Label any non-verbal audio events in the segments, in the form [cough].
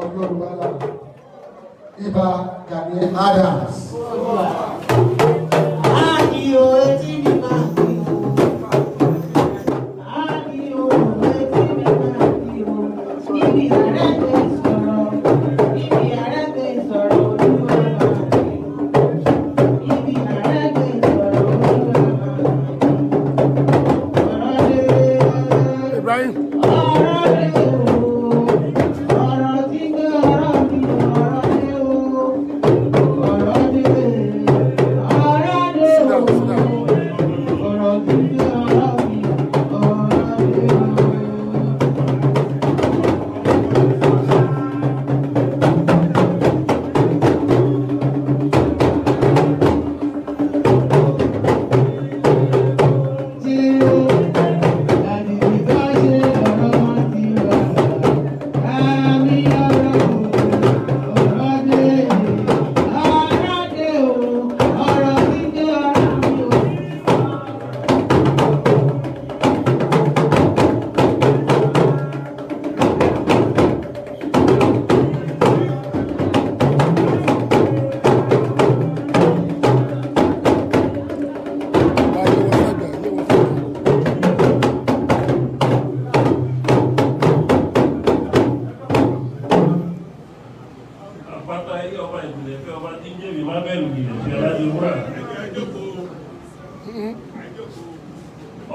ọlọ́run bá là Adams. Àdìo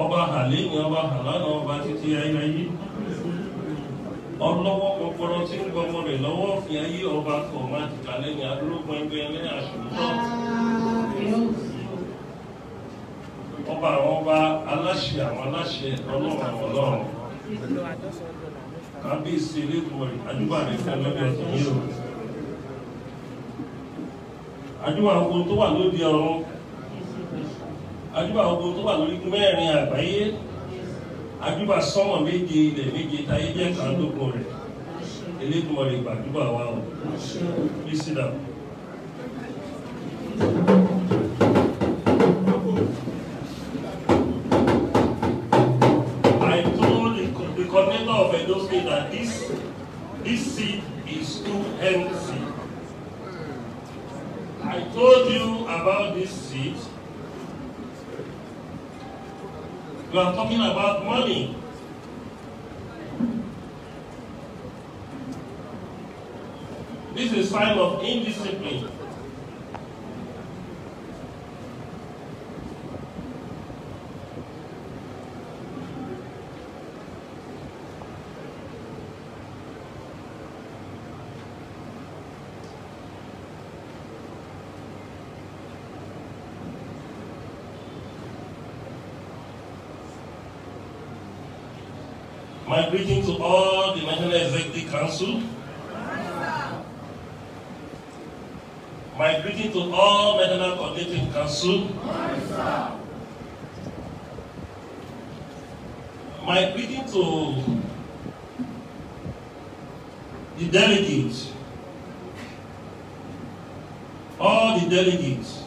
ọba àlẹ́yìn ọba àlànà ọba títí ayé ayé ọlọ́wọ́ gbọgbọrọ tí ń gbọmọ rẹ̀ lọ́wọ́ fi ayé ọba kọ̀ máa ti kà lẹ́yìn adúlógún ẹgbẹ́ ẹlẹ́yìn àṣùmọ́ ọba àwọn ọba aláṣẹ àwọn aláṣẹ ọlọ́run àwọn ọlọ́run kábíyèsí elégbòrè adúbàrẹ̀ fún ọlọ́dún ọ̀sán yìí àdúrà ogun tó wà lóde ọ̀run àdúrà ogun tó wà lórí mẹ́rin àgbáyé àdúrà sọ́mọ̀ méje ilẹ̀ méje táyé jẹ́ kan lókun rẹ̀ elédùnmọ̀ lè gbàdúrà wa o thank you are talking about money. This is sign of My greeting to all the National Executive Council. My greeting to all National Coordinating Council. My greeting to the delegates, all the delegates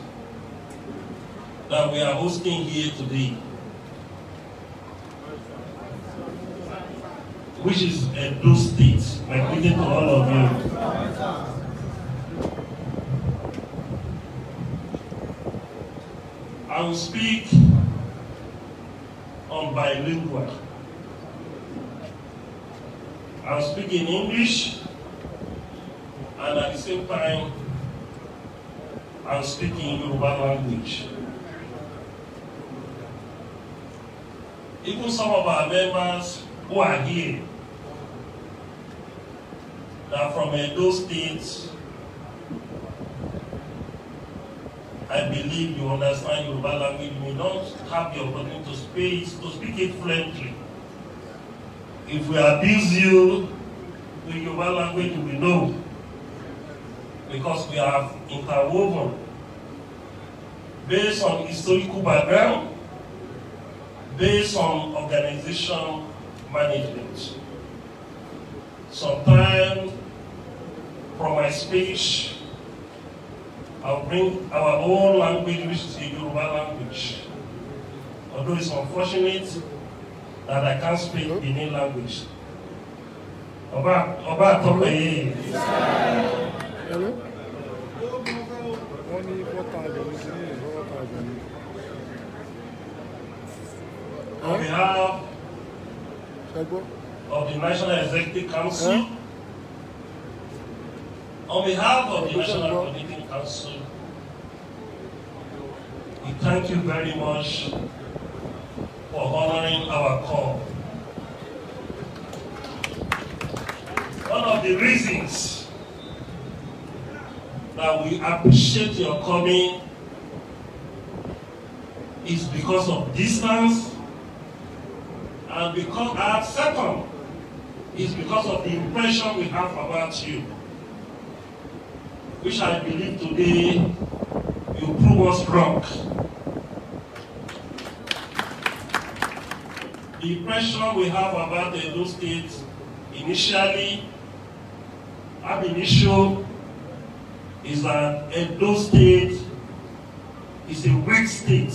that we are hosting here today. which is a uh, Edo State. My greeting to all of you. I will speak on bilingual. I will speak in English and at the same time I will speak in Yoruba language. Even some of our members who are here that from Edo State, I believe you understand Yoruba language. We don't have the opportunity to speak, to speak it fluently. If we abuse you with Yoruba language, we know. Because we have interwoven based on historical background, based on organization management. Sometimes from my speech, I'll bring our own language, which is the Yoruba language. Although it's unfortunate that I can't speak any language. Oba, Oba Tope. Hello? On behalf of the National Executive Council, On behalf of the National Political Council, we thank you very much for honoring our call. One of the reasons that we appreciate your coming is because of distance and because our second is because of the impression we have about you which I believe today will prove us wrong. The impression we have about Edo State initially, ab initio, is that Edo State is a weak state.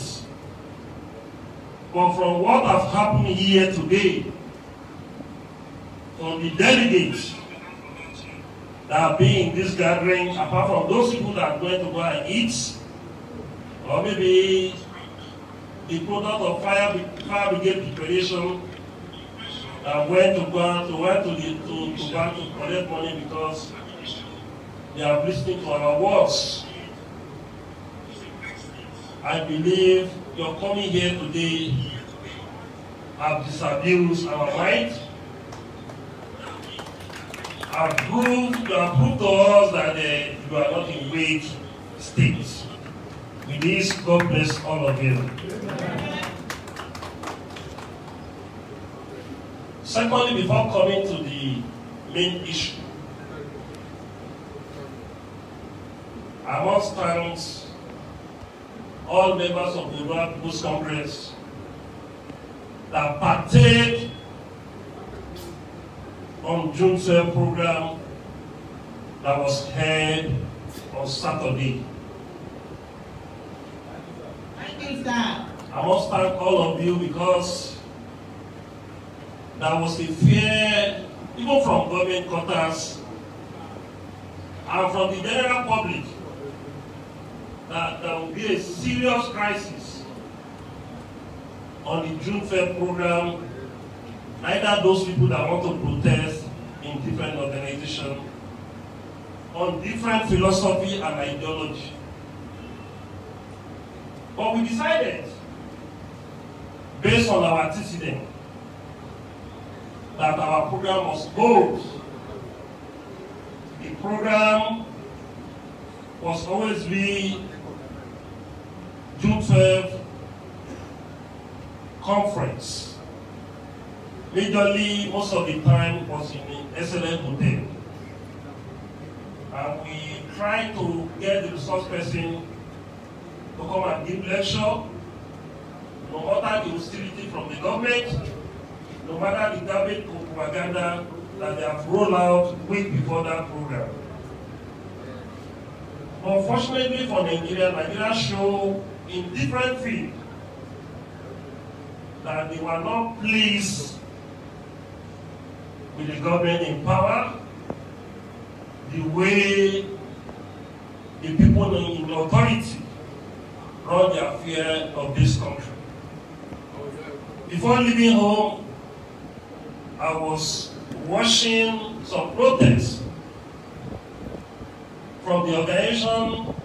But from what has happened here today, from the delegates that be in this gathering, apart from those people that are going to go and eat, or maybe the product of fire, fire brigade preparation that went to go to went to the to, to go to collect money because they are listening to our words. I believe your coming here today have disabused our mind have you have proved to us that uh, you are not in weak state. With this, God bless all of you. Secondly, before coming to the main issue, I must thank all members of the World Bush Congress that partake on June 12 program that was held on Saturday. Thank you, sir. I must thank all of you because there was a fear, even from government quarters and from the general public, that there will be a serious crisis on the June 5 program either those people that want to protest in different organizations on different philosophy and ideology. But we decided, based on our antecedent, that our program was bold. The program was always be June 12 conference. Majorly, most of the time was in the SLM hotel. And we try to get the resource person to come and give lecture, no matter the hostility from the government, no matter the garbage propaganda that they have rolled out way before that program. Unfortunately for Nigeria, Nigeria show in different field that they were not pleased with the government in power, the way the people in authority run the affairs of this country. Before leaving home, I was watching some protests from the organization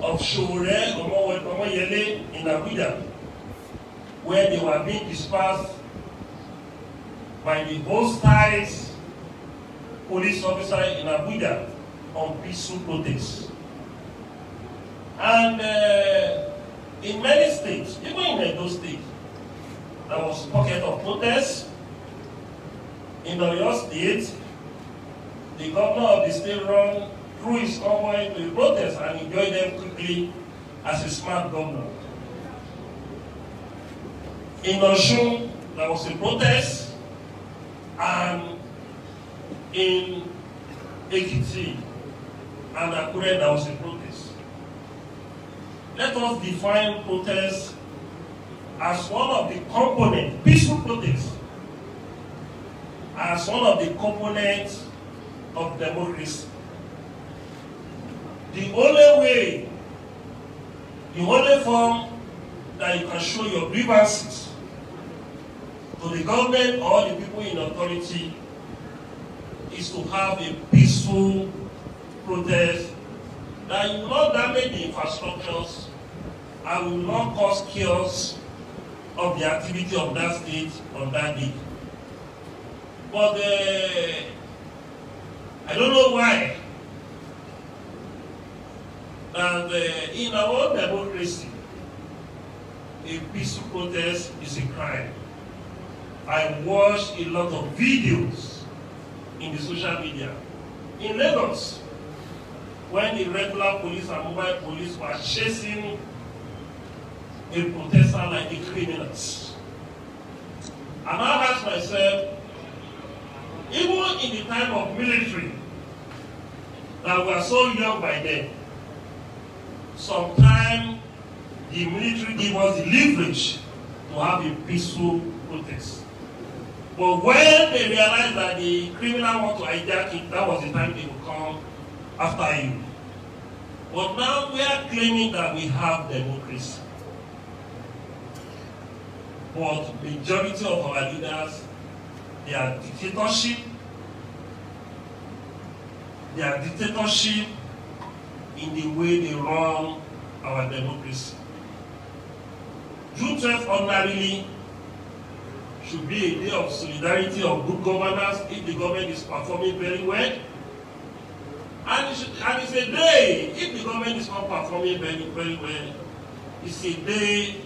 of Shore Omoyele in Abuja, where they were being dispersed by the hostile police officer in Abuja on peaceful protest. And uh, in many states, even in Edo State, there was pocket of protest. In Oyo State, the governor of the state run through his convoy to the protest and enjoy them quickly as a smart governor. In Oshun, there was a protest and in Ekiti and Akure there was a protest. Let us define protest as one of the components, peaceful protest, as one of the components of democracy. The only way, the only form that you can show your grievances to the government or the people in authority is to have a peaceful protest that will not damage the infrastructures and will not cause chaos of the activity of that state on that day. But uh, I don't know why that uh, in our democracy, a peaceful protest is a crime. I watched a lot of videos in the social media. In Lagos, when the regular police and mobile police were chasing a protester like a criminal. And I asked myself, even in the time of military, that we are so young by then, sometimes the military give us the leverage to have a peaceful protest. But when they realized that the criminal want to hijack it, that was the time they would come after you. But now we are claiming that we have democracy. But majority of our leaders, they are dictatorship, they are dictatorship in the way they run our democracy. June 12th ordinarily should be a day of solidarity of good governance if the government is performing very well. And, it should, and it's a day, if the government is not performing very, very well, it's a day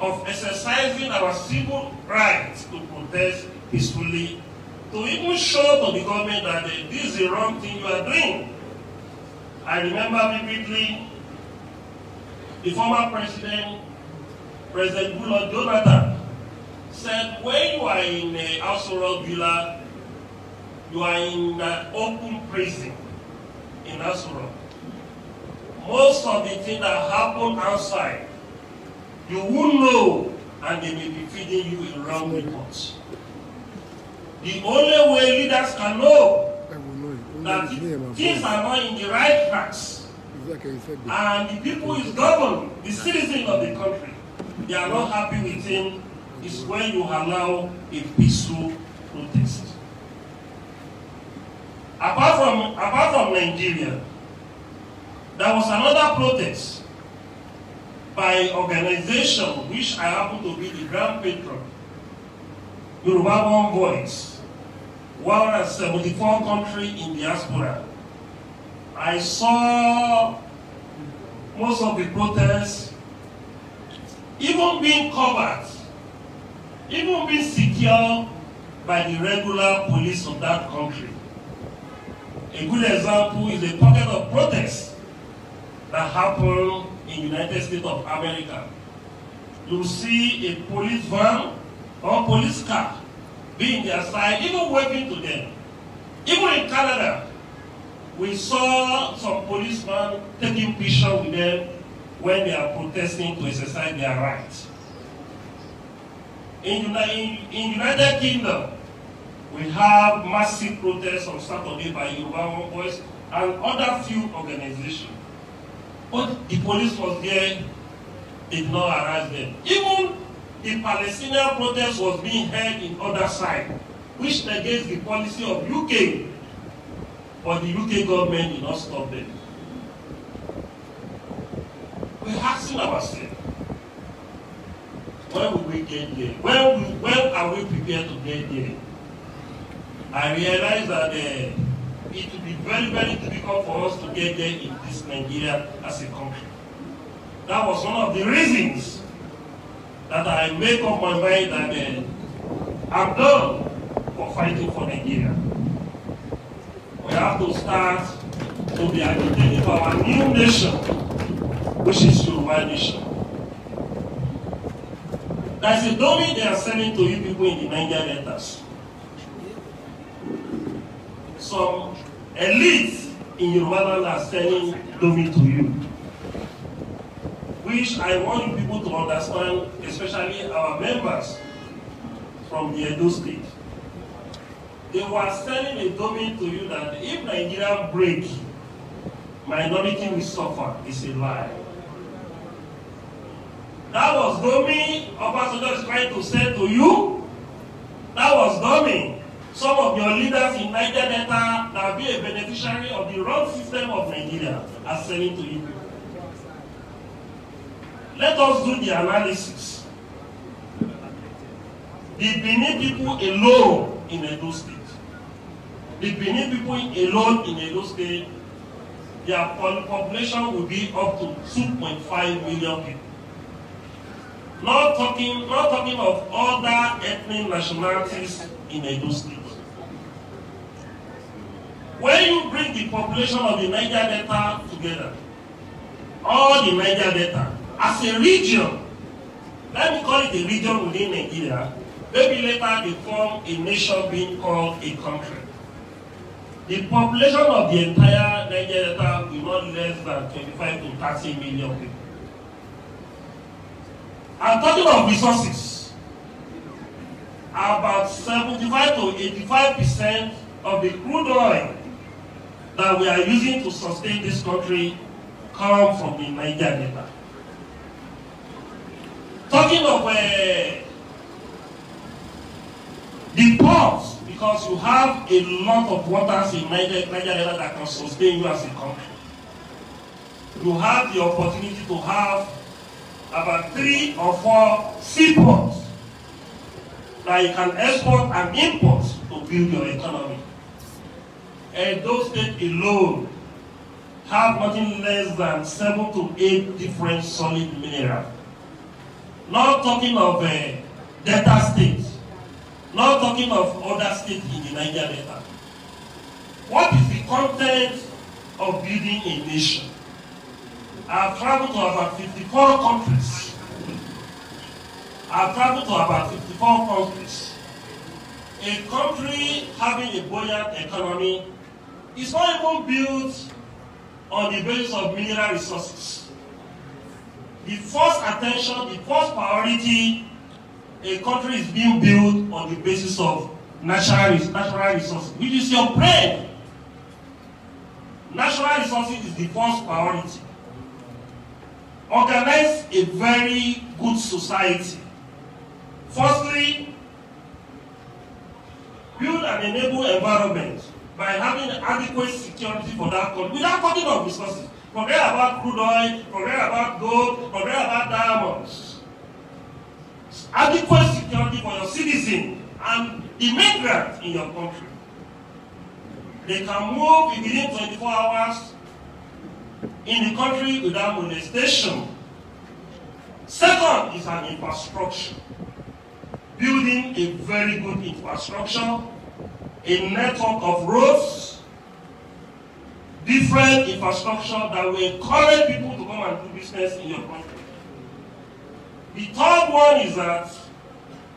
of exercising our civil right to protest peacefully, to even show to the government that uh, this is the wrong thing you are doing. I remember vividly the former president, President Goodluck Jonathan, said when you are in a Asura villa, you are in the open prison in Asura. Most of the things that happen outside, you won't know, and they may be feeding you a wrong report. The only way leaders can know that things are not in the right tracks, and the people is governed, the citizens of the country, they are not happy with him is when you allow a peaceful protest. Apart from, apart from Nigeria, there was another protest by organization which I happen to be the grand patron, Yoruba One Voice, 174 country in diaspora. I saw most of the protests even being covered even be secured by the regular police of that country. A good example is a pocket of protest that happened in the United States of America. You see a police van or police car being their side, even waving to them. Even in Canada, we saw some policemen taking pictures with them when they are protesting to exercise their rights. In, in, in United Kingdom, we have massive protests on Saturday by Yoruba Boys and other few organizations. But the police was there, did not arrest them. Even the Palestinian protest was being held in other side, which against the policy of UK. But the UK government did not stop them. We're asking ourselves, when will we get there? When, we, when are we prepared to get there? I realize that uh, it will be very, very difficult for us to get there in this Nigeria as a country. That was one of the reasons that I make up my mind that uh, I'm done for fighting for Nigeria. We have to start to be agitating for our new nation, which is Yoruba nation. That's the dummy they are sending to you people in the Niger letters. Some elite in your land are sending dummy to you. Which I want you people to understand, especially our members from the Edo state. They were sending a dummy to you that if Nigeria break, minority will suffer. It's a lie. That was Domi Obasanjo is trying to say to you. That was Domi. Some of your leaders in Niger Delta now be a beneficiary of the wrong system of Nigeria are selling to you. Let us do the analysis. The Benin people alone in Edo State. The Benin people alone in Edo State, their population will be up to two point five million people. Not talking, not talking of other ethnic nationalities in Edo State. When you bring the population of the Niger Delta together, all the Niger Delta, as a region, let me call it a region within Nigeria, maybe later they form a nation being called a country. The population of the entire Niger Delta will not less than 25 to 30 million people. I'm talking of resources. About 75 to 85 percent of the crude oil that we are using to sustain this country come from the Niger Delta. Talking of uh, the ports, because you have a lot of waters in Niger, Niger Delta that can sustain you as a country. You have the opportunity to have about three or four seaports that you can export and import to build your economy. And those states alone have nothing less than seven to eight different solid minerals. Not talking of uh, Delta states, not talking of other states in the Niger Delta. What is the content of building a nation? I've traveled to about 54 countries. I've traveled to about 54 countries. A country having a buoyant economy is not even built on the basis of mineral resources. The first attention, the first priority, a country is being built on the basis of natural, natural resources, which is your brain. Natural resources is the first priority organize a very good society. Firstly, build an enable environment by having adequate security for that country without cutting off resources. Forget about crude oil, forget about gold, forget about diamonds. Adequate security for your citizen and the in your country. They can move within 24 hours in the country without molestation. Second is an infrastructure. Building a very good infrastructure, a network of roads, different infrastructure that will encourage people to come and do business in your country. The third one is that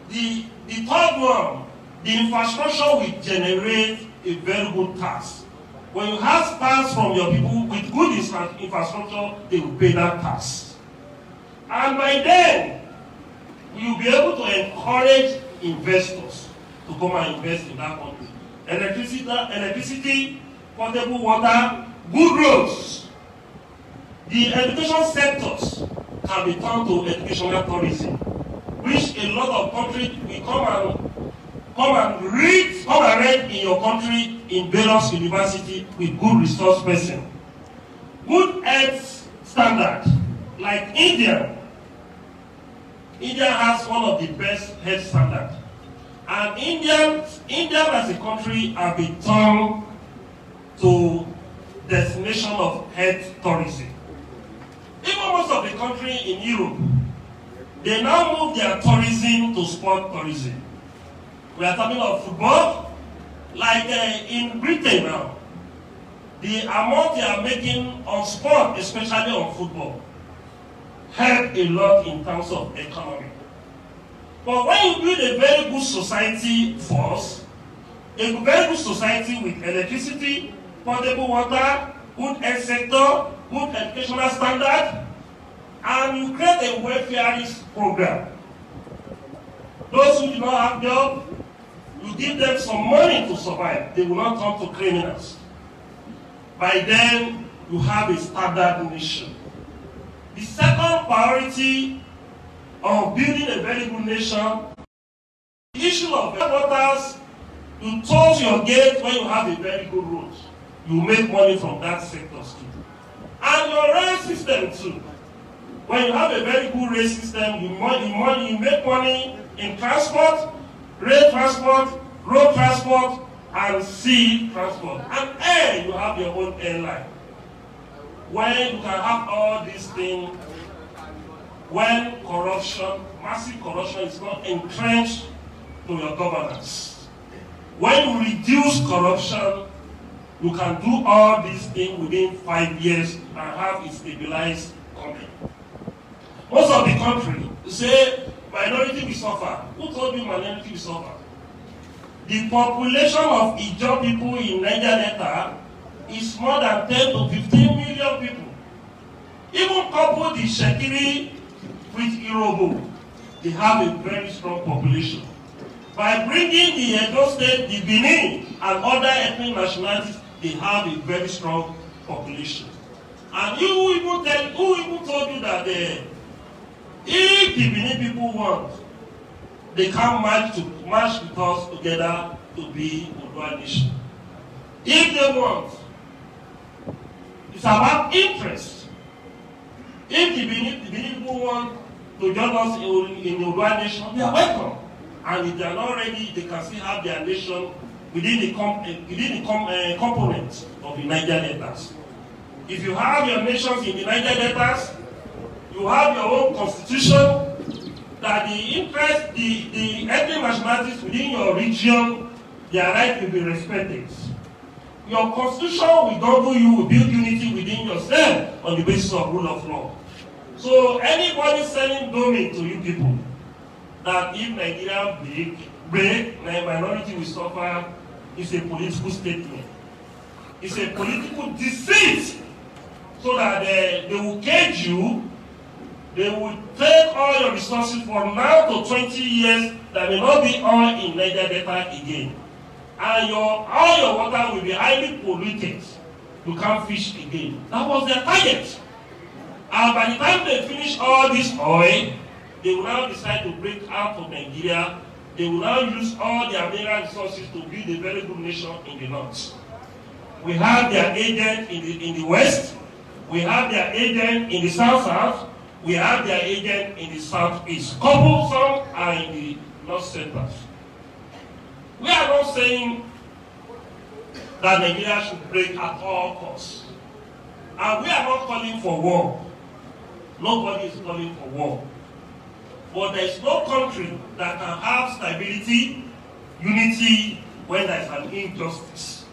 the, the third one, the infrastructure will generate a very good tax When you have spans from your people with good infrastructure, they will pay that tax. And by then, we will be able to encourage investors to come and invest in that country. Electricity, electricity potable water, good roads. The education sectors can be turned to educational tourism, which a lot of countries we come and come and read, come and read in your country in Belarus University with good resource person. Good health standard, like India. India has one of the best health standard. And India, India as a country have been turned to destination of health tourism. Even most of the country in Europe, they now move their tourism to sport tourism. We are talking of football. Like uh, in Britain now, the amount they are making on sport, especially on football, help a lot in terms of economy. But when you build a very good society for us, a very good society with electricity, potable water, good health sector, good educational standard, and you create a welfare program. Those who do not have job, You give them some money to survive. They will not turn to criminals. By then, you have a standard nation. The second priority of building a very good nation, the issue of headquarters, you close your gate when you have a very good road. You make money from that sector too. And your rail system too. When you have a very good rail system, you, money, you make money in transport, rail transport, road transport, and sea transport. And air, you have your own airline. When you can have all these things, when corruption, massive corruption is not entrenched to your governance. When you reduce corruption, you can do all these things within five years and have a stabilized country. Most of the country say minority will suffer. Who told you minority will suffer? The population of Ijaw people in Niger Delta is more than 10 to 15 million people. Even couple the Shekiri with Irobo, they have a very strong population. By bringing the Edo State, the Benin, and other ethnic nationalities, they have a very strong population. And you even tell, who even told you that the eh, If the Benin people want, they can march, to, march with us together to be Odua nation. If they want, it's about interest. If the Benin, the Benin people want to join us in, in Odua nation, they are welcome. And if they are not ready, they can still have their nation within the, comp eh, within the com uh, component of the Niger Deltas. If you have your nations in the Niger Deltas, you have your own constitution that the interest, the, the ethnic nationalities within your region, their right will be respected. Your constitution will govern you, will build unity within yourself on the basis of rule of law. So anybody selling domain to you people, that if Nigeria break, break, my minority will suffer, is a political statement. It's a political deceit so that uh, they will get you They will take all your resources from now to 20 years that may not be all in Niger Delta again. And your, all your water will be highly polluted. to come fish again. That was their target. And by the time they finish all this oil, they will now decide to break out of Nigeria. They will now use all their mineral resources to build a very good nation in the north. We have their agent in the, in the west. We have their agent in the south-south we have their agent in the southeast. Couple some are in the north centers. We are not saying that Nigeria should break at all costs. And we are not calling for war. Nobody is calling for war. But there is no country that can have stability, unity, when there is an injustice.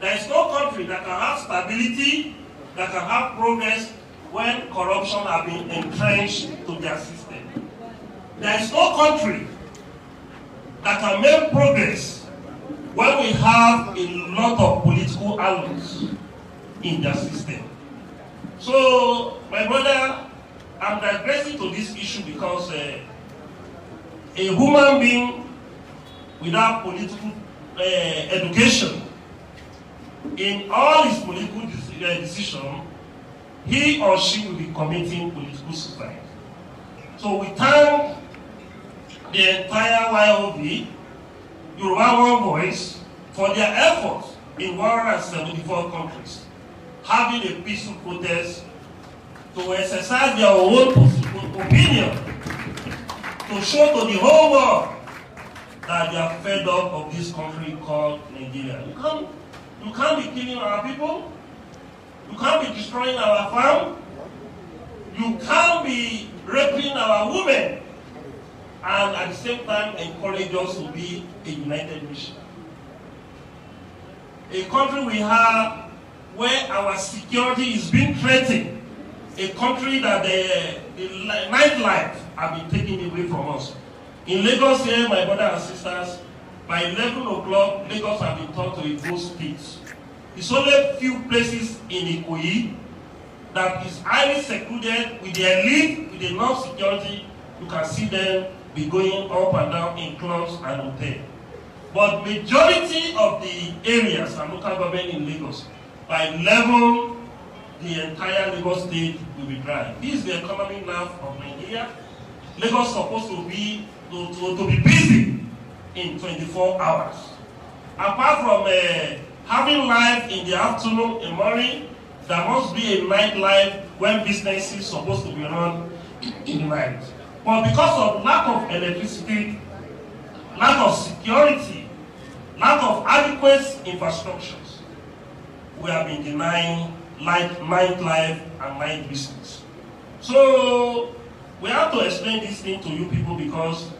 There is no country that can have stability, that can have progress, when corruption has been entrenched to their system. There is no country that can make progress when we have a lot of political allies in their system. So, my brother, I'm digressing to this issue because uh, a human being without political uh, education in all his political de uh, eh, decisions he or she will be committing political suicide. So we thank the entire YOV, Yoruba World Voice, for their efforts in 174 countries, having a peaceful protest to exercise their own opinion, to show to the whole world that they are fed up of this country called Nigeria. You can't, you can't be killing our people. You can't be destroying our farm. You can't be raping our women. And at the same time, encourage us to be a united nation. A country we have where our security is being threatened. A country that the, the nightlife have been taken away from us. In Lagos here, my brothers and sisters, by 11 o'clock, Lagos have been taught to a ghost state. It's only few places in Ikoyi that is highly secluded with their elite, with the security. You can see them be going up and down in clubs and hotels. But majority of the areas and local government in Lagos, by level, the entire Lagos state will be dry. This is the economic life of Nigeria. Lagos supposed to be to, to, to be busy in 24 hours. Apart from uh, Having life in the afternoon and morning, there must be a night life when business is supposed to be run in the night. But because of lack of electricity, lack of security, lack of adequate infrastructures, we have been denying light, night life and night business. So we have to explain this thing to you people because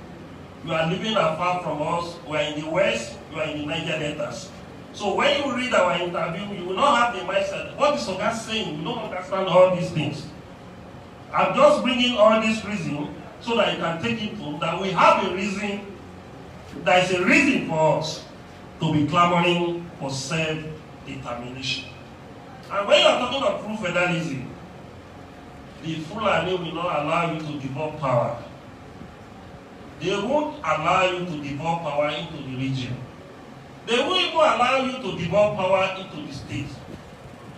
you are living afar from us. We are in the west, you are in the Niger deltas. So when you read our interview, you will not have the mindset. What is Oga saying? You don't understand all these things. I'm just bringing all this reason so that you can take it to that we have a reason, there is a reason for us to be clamoring for self-determination. And when you are talking about true federalism, the Fulani will not allow you to devolve power. They won't allow you to devolve power into the region. They will even allow you to devolve power into the state.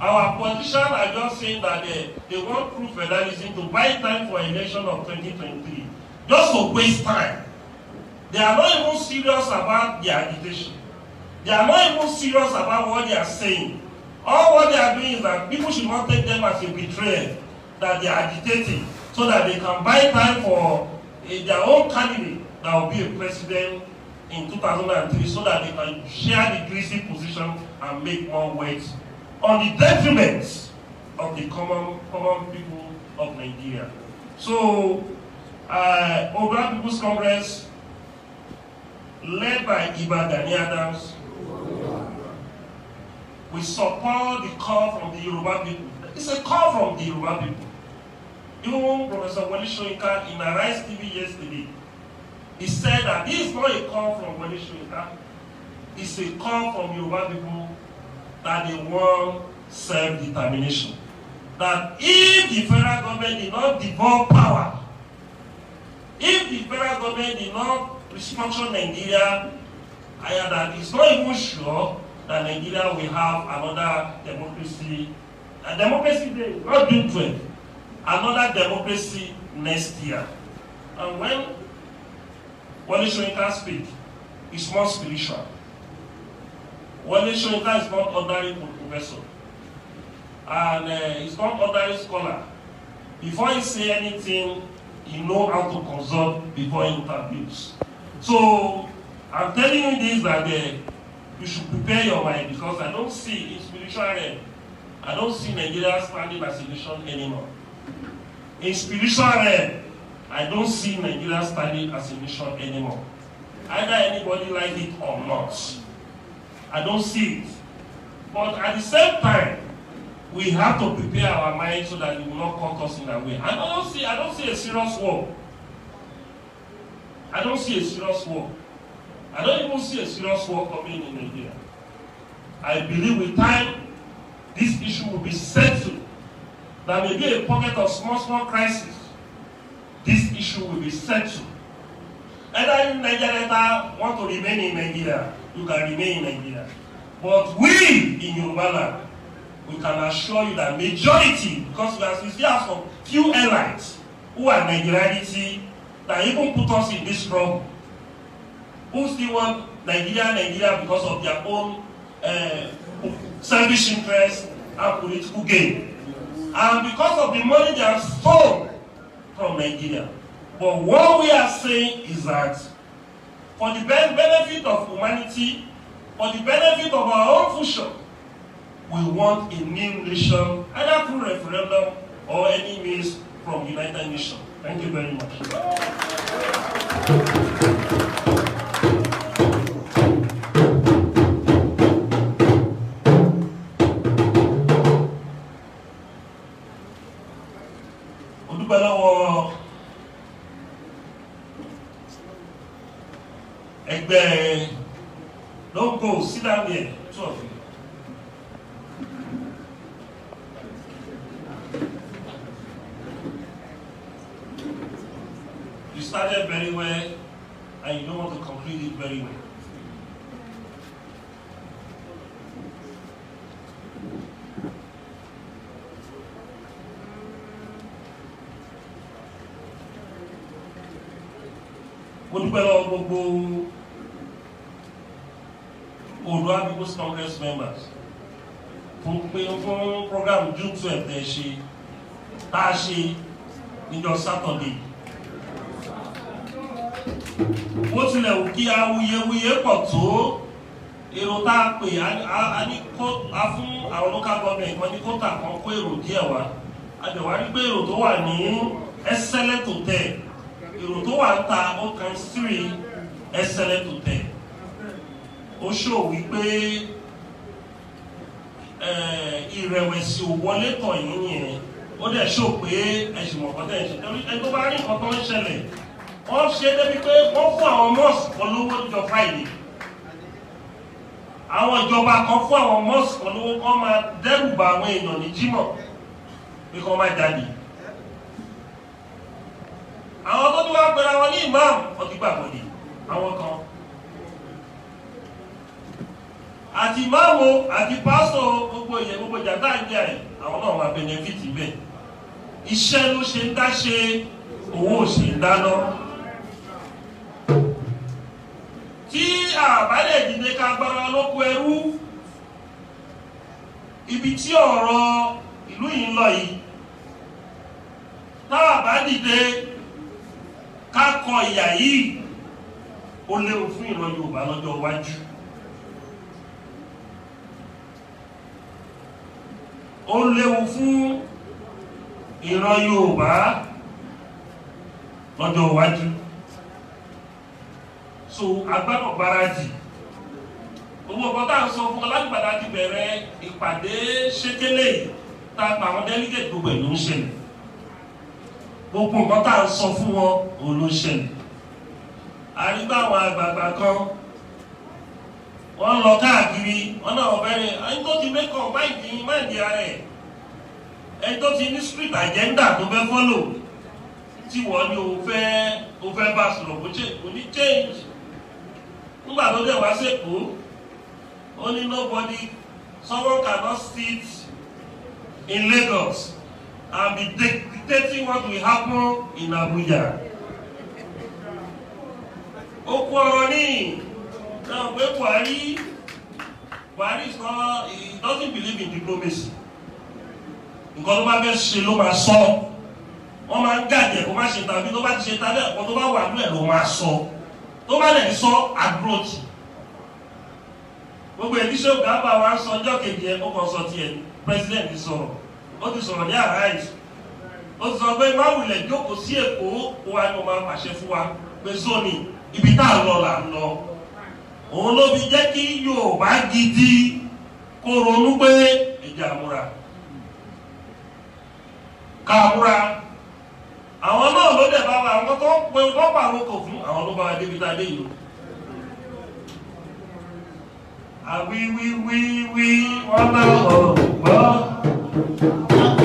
Our politicians are just saying that they, they want through federalism to buy time for election of 2023, just to waste time. They are not even serious about the agitation. They are not even serious about what they are saying. All what they are doing is that people should not take them as a betrayal that they are agitating so that they can buy time for uh, their own candidate that will be a president in 2003 so that they can share the greasy position and make more weight on the detriment of the common, common people of Nigeria. So, uh, Obra People's Congress, led by Iba Gani Adams, we support the call from the Yoruba people. It's a call from the Yoruba people. Even Professor Wally Shoika in Arise TV yesterday He said that this is not a call from Wole Soyinka. It's a call from Yoruba people that they want self-determination. That if the federal government did not devolve power, if the federal government did not restructure Nigeria, I am that it's not even sure that Nigeria will have another democracy. A democracy day, not June 12, another democracy next year. And when Wọlé Ṣóyínká speak is more spiritual. Wọlé Ṣóyínká is not ordinary professor and uh, he's not ordinary scholar. Before he say anything, he know how to consult before he interviews. So I'm telling you this that uh, you should prepare your mind because I don't see in spiritual realm, I don't see Nigeria standing as a nation anymore. In spiritual realm, I don't see Nigeria standing as a nation anymore. Either anybody like it or not. I don't see it. But at the same time, we have to prepare our mind so that it will not come us in that way. I don't see, I don't see a serious war. I don't see a serious war. I don't even see a serious war coming in Nigeria. I believe with time, this issue will be settled. There may be a pocket of small, small crisis this issue will be settled. Either you Nigeria want to remain in Nigeria, you can remain in Nigeria. But we in Yoruba we can assure you that majority, because we, as still have some few airlines who are Nigerianity that even put us in this trouble, who still want Nigeria, Nigeria because of their own uh, selfish interests and political gain. And because of the money they have stolen from Nigeria. But what we are saying is that for the benefit of humanity, for the benefit of our own future, we want a new nation, either through referendum or any means from United Nations. Thank you very much. bẹ láwọn ẹgbẹ́ lọ́gọ́ síláàmì ẹ̀ tó ọ̀fìn. You started very well and you don't want to complete it very well. mo dúpẹ́ lọ́wọ́ gbogbo Oòduà People's Congress members fún pé fún program June twelve tẹ̀ ṣe tá a ṣe níjọ Saturday bó tilẹ̀ wù kí awuyewuye pọ̀ tó èrò tá a pè á a fún àwọn local government kan ní kóńtà kan kó èrò díẹ̀ wá a jẹ̀ wá rí pé èrò tó wà ní excellent hotel èrò tó wà ń ta ọkàn three ẹsẹ̀lẹ̀ tó tẹ̀ ó ṣó wípé ìrẹ̀wẹ̀sì ò wọlé tàn yín yẹn ó dẹ̀ ṣó pé ẹ̀sìn mọ̀kọ́tẹ̀ ẹ̀sìn torí ẹgbẹ́ bá rí nǹkan tó ń ṣẹlẹ̀ wọ́n ṣe débi pé wọ́n fún àwọn mọ́ọ̀sì kan lówó jọ fáìlì àwọn ìjọba kan fún àwọn mọ́ọ̀sì kan lówó kan máa dẹ́rù bà àwọn èèyàn ní jímọ̀ pé kí wọ́n má àwọn tó tún wá pẹ̀lú àwọn ní ìmáàmù wọ́n ti gbàgbọ́ ni àwọn kan àti ìmáàmù àti pásọ gbogbo ìyẹn gbogbo jàdá ìjà ẹ̀ àwọn náà wà bẹnẹfìtì bẹ́ẹ̀ iṣẹ́ ló ṣe ń dá ṣe owó ò ṣe ń dáná tí àbálẹ̀ ìdílé ká gbára lóko ẹrú ibi tí ọ̀rọ̀ ìlú yìí ń lọ yìí tá a bá dìde kákọ ìyà yìí ó léwu fún ìran Yorùbá lọ́jọ́ iwájú ó léwu fún ìran Yorùbá lọ́jọ́ iwájú so agbábọ̀ gbáradì gbogbo ọkọ tá à ń sọ fún Alágbàdá ti ìpàdé ṣékélé tá a pa àwọn délégate gbogbo ń ṣẹlẹ̀ gbogbo nǹkan tá à ń sọ fún wọn òun ló ṣẹlẹ̀ àrígbàwọn àgbààgbà kan wọ́n lọ káàkiri wọ́n náà ọ̀fẹ́ rẹ̀ ẹni tó ti mẹ́kọ̀ máìdì máìdì ara ẹ̀ ẹni tó ti ní street agenda tó fẹ́ fọ́lò tí wọ́n ní o fẹ́ o fẹ́ bá sọ̀rọ̀ kó ṣe kò ní change nígbà tó dẹ̀ wá sèkó ó ní nobody someone cannot sit in Lagos I'll be dictating what will happen in Abuja. Okú ọ̀rọ̀ ní náà pé Buhari Buhari sọ he doesn't believe in diplomacy. Nǹkan tó bá fẹ́ ṣe ló máa sọ. Wọ́n máa ń gàjẹ̀ kó má ṣe tàbí tó bá ti ṣe tàbí ẹ̀kọ́ tó bá wà nílẹ̀ ló máa sọ. Tó bá lẹ̀ sọ àdúrótì. Gbogbo èdè ṣé ògá bá wa sọ ọjọ́ kejì ẹ̀ ó kàn sọ tiẹ̀ president sọ̀rọ̀ ó ti sọ̀rọ̀ ní arise ó ti sọ pé máwùlẹ̀ jókòó sí èkó wa ni wọ́n máa pàṣẹ fún wa pé zoni ibi tá a lọ là ń lọ òun ló fi jẹ́ kí Yorùbá gidi kó ronú pé ẹja àmúra ká àmúra àwọn náà ló dẹ̀ bá wa àwọn tó pe tó pàrokò fún àwọn ló bá wa débi tá a dé yìí àwíwíwíwí wọn bá ọ̀rọ̀ gbọ́. Música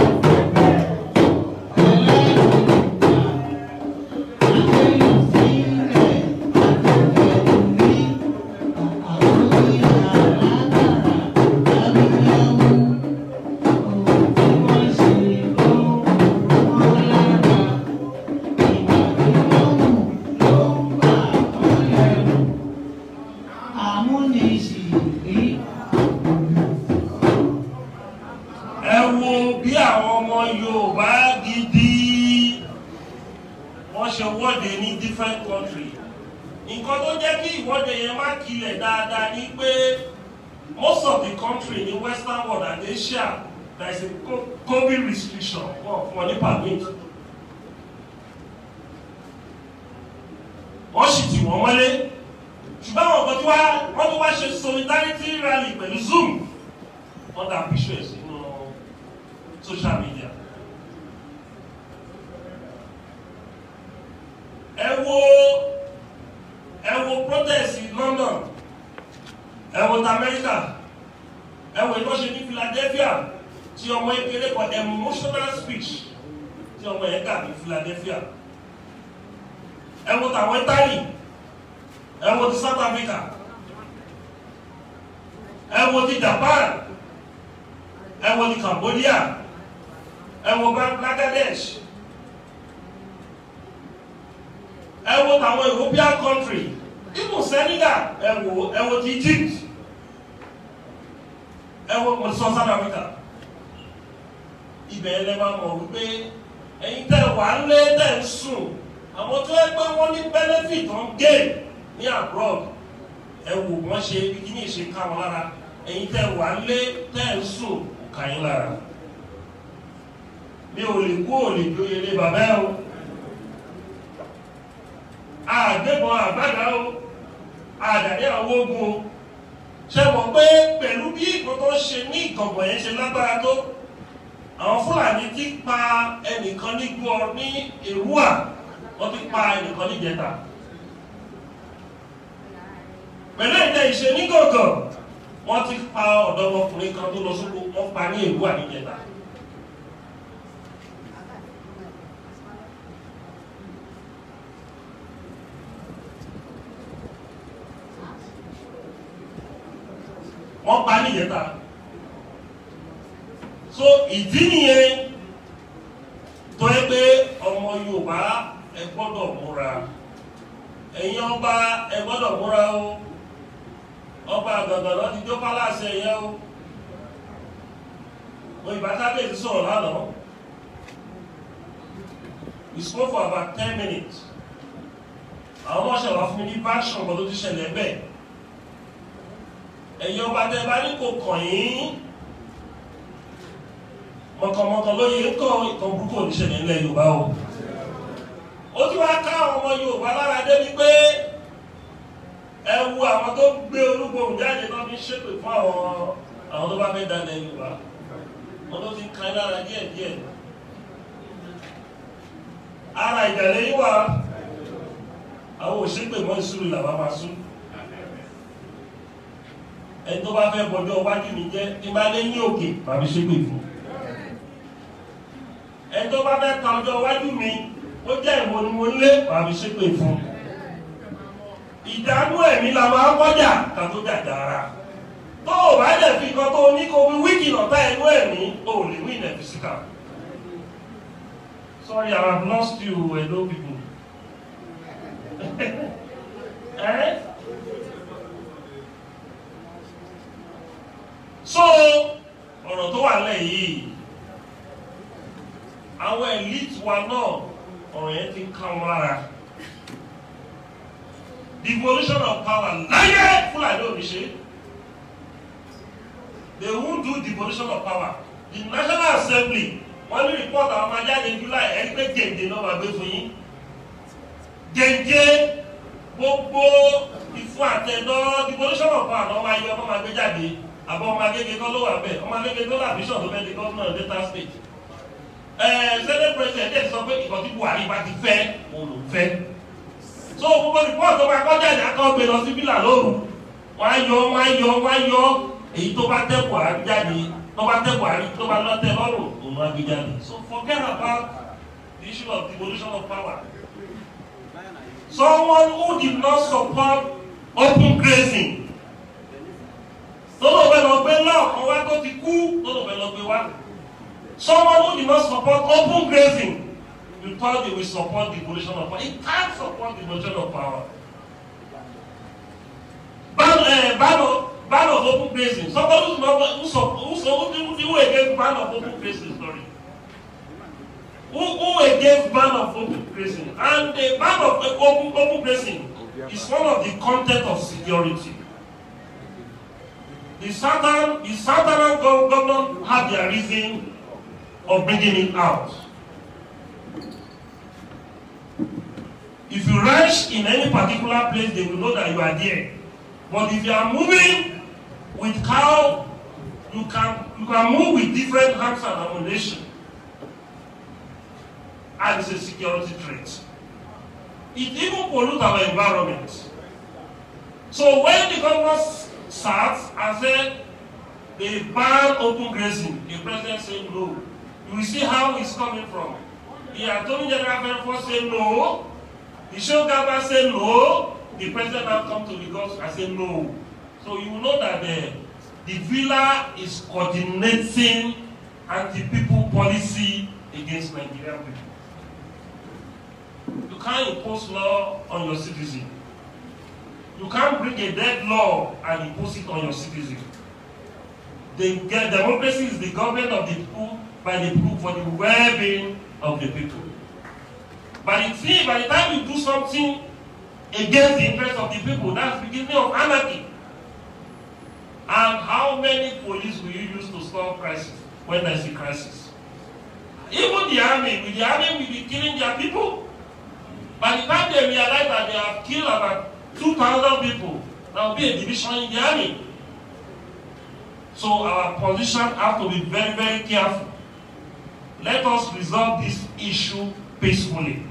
ẹ wo ní Cambodia ẹ wo Bangladesh ẹ wo tàwọn European country even Senegal ẹ wo ẹ wo ti Egypt ẹ wo mo sọ South Africa ibẹ̀ ẹ lẹ́ máa mọ̀ wípé ẹ̀yin tẹ̀ wá lé tẹ̀ ń sùn àwọn tó ẹ pé wọ́n ní benefit on gain ní abroad ẹ wò wọ́n ṣe kí ní ìṣe ká wọn lára ẹ̀yin tẹ̀ wá lé tẹ̀ ń sùn kàyín lára mi ò lè kú ò lè jó yẹlé bàbá o àgbẹ̀bọn àgbàdá o àdàdé àwọn ogun o ṣe mọ̀ pé pẹ̀lú bí ìbò tó ṣe ní ìkọ̀gbọ̀n yẹn ṣe lágbára tó àwọn Fúlàní ti pa ẹnìkan ní gbọ́ ní Èrúwà wọ́n ti pa ẹnìkan ní Ìjẹ̀tà pẹ̀lú ẹ̀jẹ̀ ìṣe ní gọ̀ọ̀gàn wọ́n ti pa ọ̀dọ́mọkùnrin kan tó lọ sóko wọ́n pa ní ìlú àdìjẹta. wọ́n pa ní ìjẹta. so ìdí nìyẹn tó yẹ pé ọmọ Yorùbá ẹ gbọ́dọ̀ múra ẹ̀yin ọba ẹ gbọ́dọ̀ múra o ọba àgàgà lọ ti jó pálásẹ̀ yẹn o mo ìbá kábíyèsí sọ̀rọ̀ lánàá we spoke for about ten minutes àwọn ọmọ ṣẹ̀wá fún mi ní passion ọ̀pọ̀ tó ti ṣẹlẹ̀ bẹ́ẹ̀ ẹ̀yin ọba tẹ́ bá ní kò kàn yín mọ̀kànmọ̀kàn lóye ń kọ́ ìkan burúkú oníṣẹ̀lẹ̀ ńlẹ̀ Yorùbá o ó ti wá ká àwọn ọmọ Yorùbá lára dé ni pé ẹ wo àwọn tó gbé olúgbòhùn jáde náà fi ṣépè fún àwọn àwọn tó bá fẹ́ dalẹ̀ Yorùbá wọn tó ti kan lára díẹ̀ díẹ̀ ara ìdàlẹ́ yìí wà àwọn òṣèpè mọ́ ìṣúlù làwọn máa sún ẹni tó bá fẹ́ bọjọ́ wájú mi jẹ́ tí bá lé ní òkè bàbí ṣépè fún ẹni tó bá fẹ́ ta ọjọ́ wájú mi ó jẹ́ ìwọ ni mo lé bàbí ṣépè fún ìdánú ẹ̀mí la máa ń kọjá ká tó jàjà ara tó o bá dẹ̀ fi kan tó ní kó fi wíkì lọ́tà ẹnu ẹ̀mí o ò lè wí fisika. Sorry, I have lost you hello people. [laughs] eh? so ọ̀rọ̀ tó wà lẹ̀ yìí àwọn elite wa náà ọ̀rọ̀ yẹn ti ń ká lára devolution of power láyé fúlàní ò ní ṣe they won't do devolution of power the national assembly wọ́n ní report àwọn máa jáde july ẹni pé gèdè náà wà gbé fún yín gèdè gbogbo ìfún àtẹ̀dọ́ devolution of power náà wáyé ọmọ máa gbé jáde àbọ̀ ọmọ agége kan ló wà bẹ́ẹ̀ ọmọ agége tó là bishop tó fẹ́ di governor of delta state ẹ̀ẹ́d senate president dẹ̀ sọ pé ìkọ́tí buhari bá ti fẹ́ òun so gbogbo rìpọ́ọ̀tì tó bá kọ́ jáde akọ́ gbé lọ sí fílà lóru wọ́n yọ wọ́n yọ wọ́n yọ èyí tó bá tẹ́kọ̀ á tó bá tẹ́kọ̀ á tó bá lọ́tẹ̀ lọ́rùn òun á gbé jáde so forget about the issue of devolution of power someone who did not support open grazing tọ́lọ̀ fẹ́ lọ gbé lọ́ọ̀kan wá tó ti kú tọ́lọ̀ fẹ́ lọ gbé wá someone who did not support open grazing you thought you will support the evolution of power. It can't support the evolution of power. Ban, uh, ban, of, ban of open places. Somebody who's not, who's, who's, who, who against ban of open places, sorry. Who, who against ban of open placing? And the ban of uh, open, open placing is one of the content of security. The southern, the southern government have their reason of bringing it out. If you rush in any particular place, they will know that you are there. But if you are moving with cow, you can, you can move with different hands and ammunition, And it's a security threat. It even pollutes our environment. So when the government starts and said they ban open grazing, the president said no. You see how it's coming from. He The Attorney General say no. The show Shogaba said no. The president now come to Lagos and say no. So you know that the, uh, the villa is coordinating anti-people policy against Nigerian people. You can't impose law on your citizen. You can't bring a dead law and impose it on your citizen. The democracy is the government of the people by the people for the well-being of the people. But you see, by the time you do something against the interest of the people, that's beginning of anarchy. And how many police will you use to stop crisis when there's a crisis? Even the army, with the army will be killing their people. By the time they realize that they have killed about 2,000 people, there will be a division in the army. So our position has to be very, very careful. Let us resolve this issue peacefully.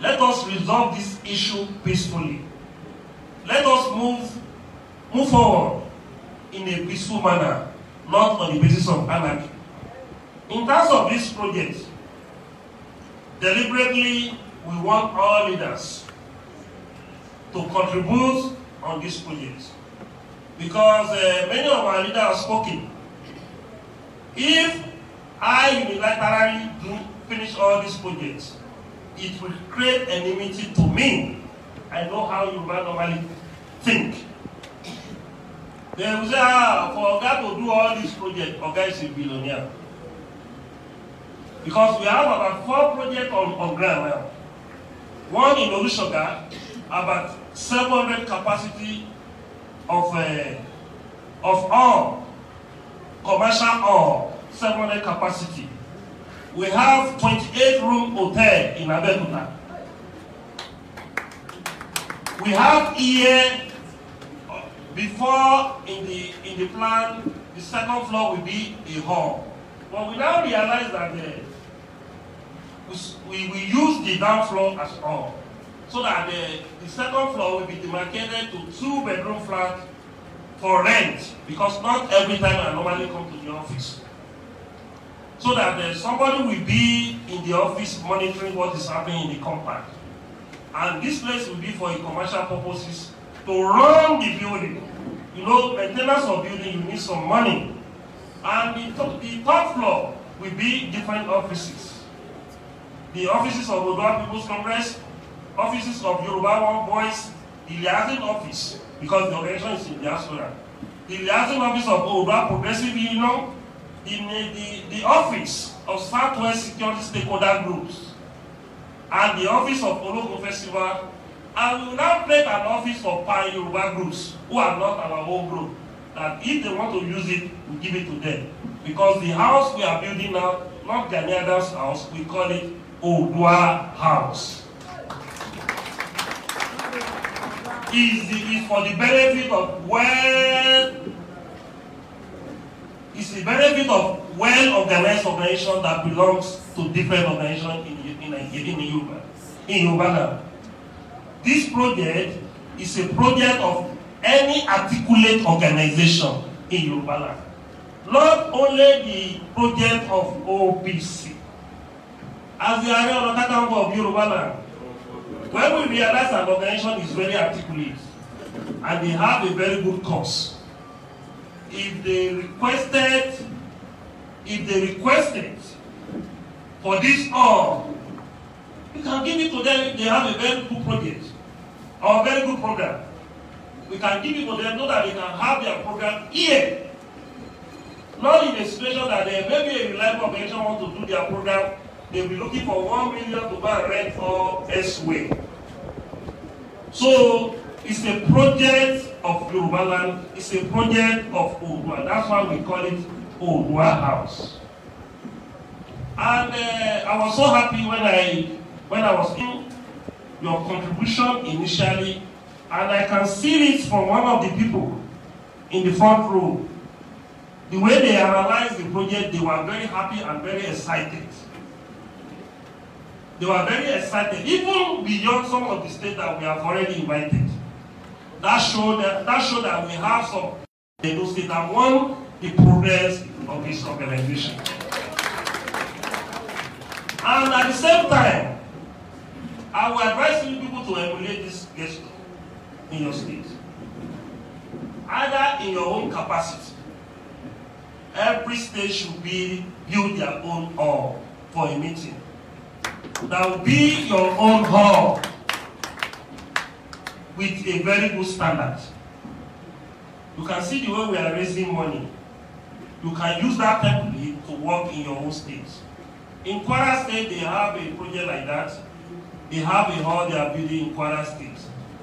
Let us resolve this issue peacefully. Let us move, move forward in a peaceful manner, not on the basis of anarchy. In terms of this project, deliberately we want all leaders to contribute on this project because uh, many of our leaders have spoken. If I unilaterally do finish all these projects, it will create enmity to me. I know how you normally think. They will say, ah, for God to do all these projects, Oga is a billionaire. Because we have about four projects on, on ground now. One in Olushoga, about 700 capacity of, uh, of all, commercial all, 700 capacity. we have 28 room hotel in Abeduna. We have here before in the in the plan the second floor will be a hall but we now realize that uh, we we use the down floor as hall so that the, eh, the second floor will be demarcated to two bedroom flats for rent because not every time I normally come to the office so that uh, somebody will be in the office monitoring what is happening in the compound. And this place will be for commercial purposes to run the building. You know, maintenance of building, you need some money. And the top, the top floor will be different offices. The offices of Odua People's Congress, offices of Yoruba One Voice, the liaison office, because the organization is in diaspora. The liaison office of Odua Progressive Union, the, the, the office of Southwest Security Stakeholder Groups and the office of Ologo Festival, and we will now create an office for Pan Yoruba groups who are not our own group. That if they want to use it, we give it to them. Because the house we are building now, not Ghanaian's house, we call it Odua House. Is, is for the benefit of well is the benefit of well-organized organization that belongs to different organizations in, in, in Yoruba, in Uganda, This project is a project of any articulate organization in Uganda, Not only the project of OPC, as the Ààrẹ Ọ̀nà Kakanfò of Uganda, land, when we realize an organization is very articulate and they have a very good cause, if they requested if they requested for this all we can give it to them if they have a very good project or very good program we can give it to them so that they can have their program here not in a situation that they maybe a reliable organization want to do their program They'll be looking for one million to buy rent or elsewhere so It's a project of land. It's a project of Odua. That's why we call it Odua House. And uh, I was so happy when I when I was in your contribution initially, and I can see it from one of the people in the front row. The way they analyzed the project, they were very happy and very excited. They were very excited, even beyond some of the states that we have already invited. That showed that, that show that we have some diagnosis that one the progress of this organization. And at the same time, I will advise you people to emulate this gesture in your state. Either in your own capacity. Every state should be build their own hall for a meeting. That will be your own hall with a very good standard. You can see the way we are raising money. You can use that template to work in your own state. In Kwara State, they have a project like that. They have a hall they are building in Kwara State.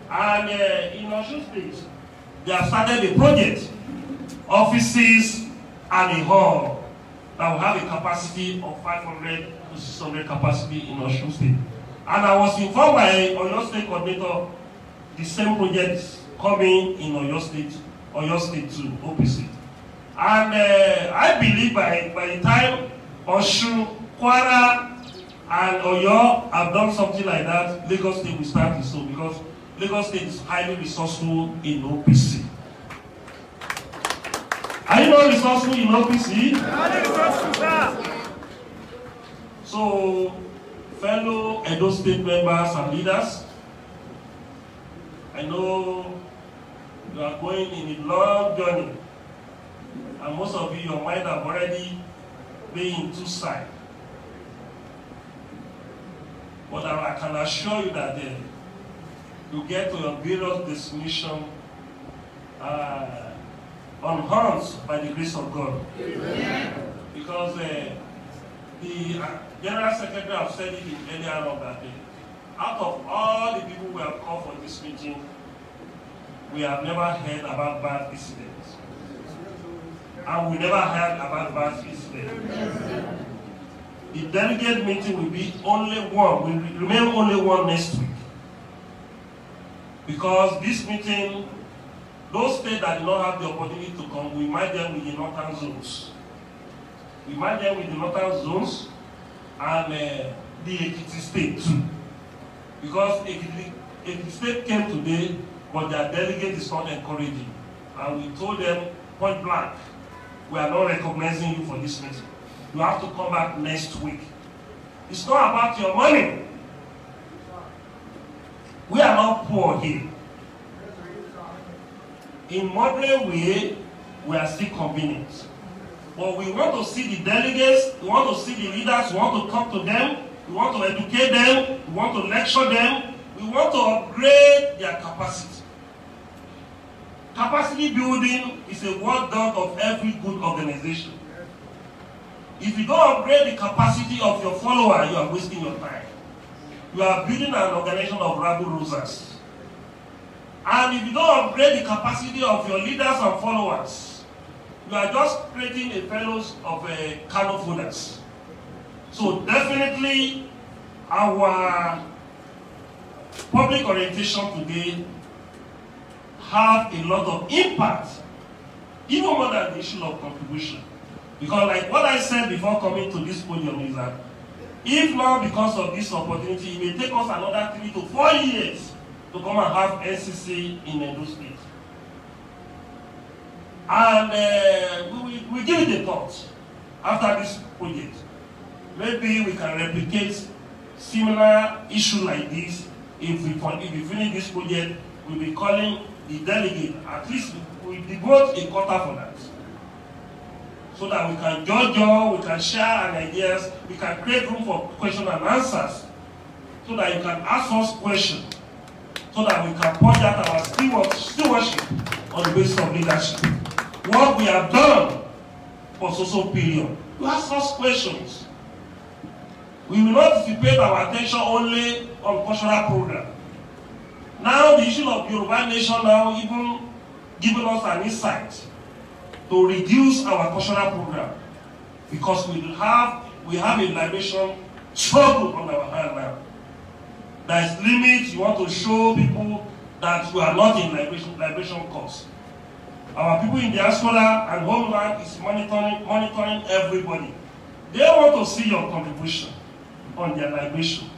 And uh, in Osun State, they have started a project, offices and a hall that will have a capacity of 500 to 600 capacity in Osun State. And I was informed by Oyo State coordinator the same project coming in Oyo State, Oyo State too, opposite. And uh, I believe by, by the time Osun, Kwara, and Oyo have done something like that, Lagos State will start it so because Lagos State is highly resourceful in OPC. Are you not resourceful in OPC? Highly resourceful, So, fellow Edo State members and leaders, I know you are going in a long journey, and most of you, your mind have already been two sides. But I can assure you that then you get to your various destination uh, unharmed by the grace of God. Amen. Because uh, the uh, General Secretary have said it earlier on that day. out of all the people we have come from this region, we have never heard about bad incidents. And we never heard about bad incidents. The delegate meeting will be only one, will remain only one next week. Because this meeting, those states that do not have the opportunity to come, we might them with the northern zones. We might them with the northern zones and uh, the Ekiti states. Because if State came today, but their delegate is not encouraging. And we told them point blank, we are not recognizing you for this meeting. You have to come back next week. It's not about your money. We are not poor here. In modern way, we are still convenient. But we want to see the delegates, we want to see the leaders, we want to talk to them, we want to educate them. We want to lecture them. We want to upgrade their capacity. Capacity building is a work done of every good organization. If you don't upgrade the capacity of your follower, you are wasting your time. You are building an organization of rabble rousers. And if you don't upgrade the capacity of your leaders and followers, you are just creating a fellows of a uh, So definitely our public orientation today have a lot of impact, even more than the issue of contribution. Because like what I said before coming to this podium is that if not because of this opportunity, it may take us another three to four years to come and have NCC in Edo State. And uh, we, we give it a thought after this project. Maybe we can replicate similar issue like this if we, if we finish this project, we'll be calling the delegate. At least we devote a quarter for that. So that we can judge all, we can share our ideas, we can create room for questions and answers. So that you can ask us questions. So that we can point out our stewardship on the basis of leadership. What we have done for social period. You ask us questions. We will not dissipate our attention only on cultural program. Now the issue of Yoruba nation now even given us an insight to reduce our cultural program because we have we have a liberation struggle on our hand now. There is limit you want to show people that we are not in liberation liberation cause. Our people in diaspora and homeland is monitoring monitoring everybody. They want to see your contribution on their migration.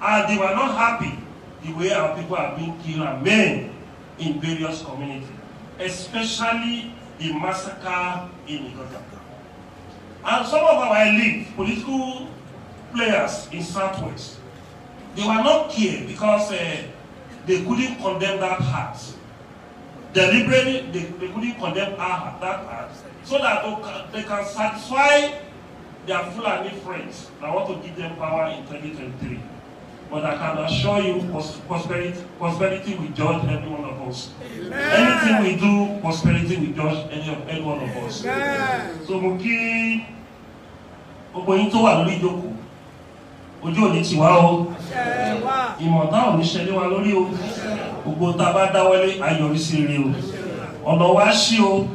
And they were not happy the way our people are being killed and men in various communities, especially the massacre in Igota. And some of our elite political players in Southwest, they were not killed because uh, they couldn't condemn that heart. Deliberately, they, they couldn't condemn our that heart, so that they can satisfy They their Fulani friends. I want to give them power in 2023. But I can assure you, prosperity, prosperity will judge every one of us. Amen. Anything we do, prosperity will judge any, of, any one of us. Amen. So mo kí gbogbo yín tó wà lórí ìjókòó, ojú òní ti wá o, ìmọ̀ta òní ṣẹlẹ̀ wa lórí o, gbogbo tá a bá dáwọ́lé ayọ̀rísí rere o, ọ̀nà wa ṣí o,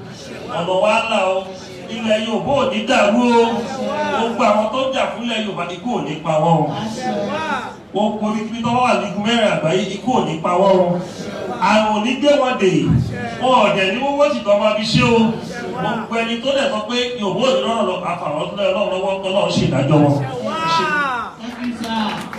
ọ̀nà wa là o ilẹ̀ Yorùbá ò ní dàrú o gbogbo àwọn tó jà fúnlẹ̀ Yorùbá ikú ò ní pa wọ́n o gbogbo ibi tó wà nígun mẹ́rin àgbáyé ikú ò ní pa wọ́n o àrùn ò ní gbé wọn dè wọn ò dẹ̀ ní wọ́n sì tọ́ máa fi ṣe o gbogbo ẹni tó dẹ̀ sọ pé Yorùbá ò ní lọ́rọ̀ àfàrọ̀ ọ̀dúnlẹ̀ ọlọ́run lọ́wọ́ ọlọ́run ṣèdájọ́ wọn.